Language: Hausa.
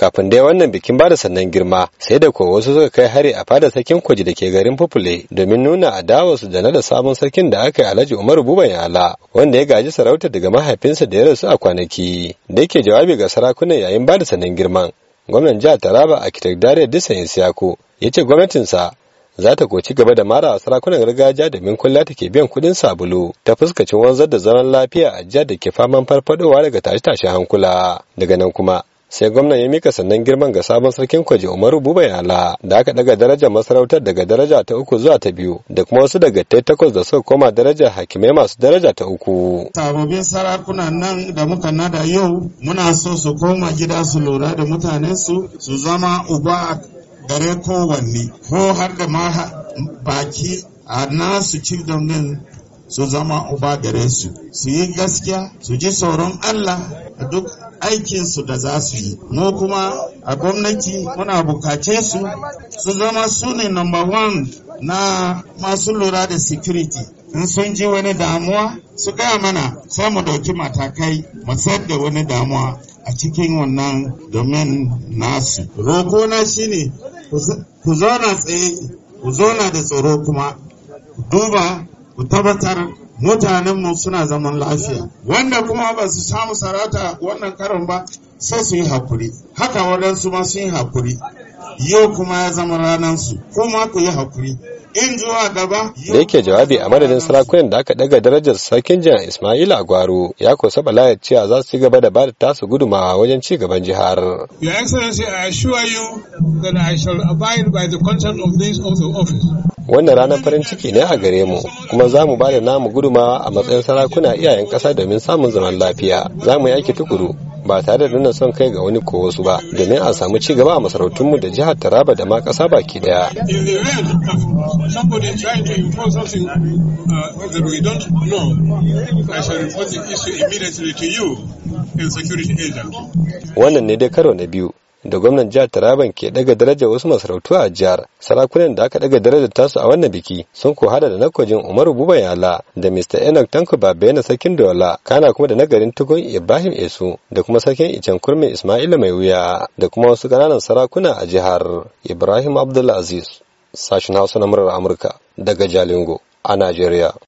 kafin dai wannan bikin bada sannan girma sai da ko wasu suka kai hari a fada sarkin kwaji da ke garin fufule domin nuna adawarsu da na da sabon sarkin da aka yi alhaji umaru buban yala wanda ya gaji sarauta daga mahaifinsa da ya rasu a kwanaki da yake jawabi ga sarakunan yayin bada sannan girman gwamnan jihar taraba a kitar dare disan isiyako ya ce gwamnatinsa za ta koci gaba da mara sarakunan gargajiya domin kulla take biyan kudin sabulu ta fuskacin wanzar da zaman lafiya a jihar da ke faman farfadowa daga tashe-tashen hankula daga nan kuma sai gwamnan ya mika sannan girman ga sabon sarkin kwaje umaru buba yala da aka daga darajar masarautar daga daraja ta uku zuwa ta biyu da kuma wasu daga ta takwas da suka koma darajar hakimai masu daraja ta uku sababbin sarakuna nan da muka nada yau muna so su koma gida su lura da mutanen su su zama uba a gare kowanne ko har da ma baki a nasu chief din su zama uba gare su su yi gaskiya su ji tsoron Allah a duk aikinsu da za su yi mu kuma a gwamnati muna bukace su su zama su ne number one na masu lura da security in sun ji wani damuwa su gaya mana sai mu dauki matakai mu sayar da wani damuwa a cikin wannan domin nasu roko na shine ku zauna tsaye ku zauna da tsoro, kuma duba ku tabbatar mutanenmu suna zaman lafiya wanda kuma ba su samu sarata wannan karon ba sai su yi hakuri haka waɗansu ma sun yi hakuri yau kuma ya zama ranansu kuma ku yi hakuri in zuwa gaba da yake jawabi a madadin sarakunan da aka daga darajar sarkin jihar ismaila gwaro ya kusa balayar cewa za su ci gaba da bada tasu gudumawa wajen ci gaban jihar your excellency i assure you that i shall abide by the content of this of office wannan ranar farin ciki ne a gare mu kuma za mu ba da namu gudumawa a matsayin sarakuna iyayen ƙasa domin samun zaman lafiya za mu yi aiki tukuru ba tare da nuna son kai ga wani ko wasu ba domin a samu ci gaba a masarautunmu da jihar Taraba da ma ƙasa baki daya. Uh, wannan ne dai karo na biyu da gwamnan jihar Taraban ke daga daraja wasu masarautu a jihar. Sarakunan da aka daga daraja tasu a wannan biki sun ko hada da nakojin Umaru Bubayala da Mr. Enoch Tanko Babena Sarkin Dola, kana kuma da nagarin Tugun Ibrahim Esu da kuma Sarkin Icen Kurmi Isma'il Mai Wuya da kuma wasu ƙananan sarakuna a jihar. Ibrahim Abdulaziz, sashen Hausa na murar Amurka daga Jalingo a Najeriya.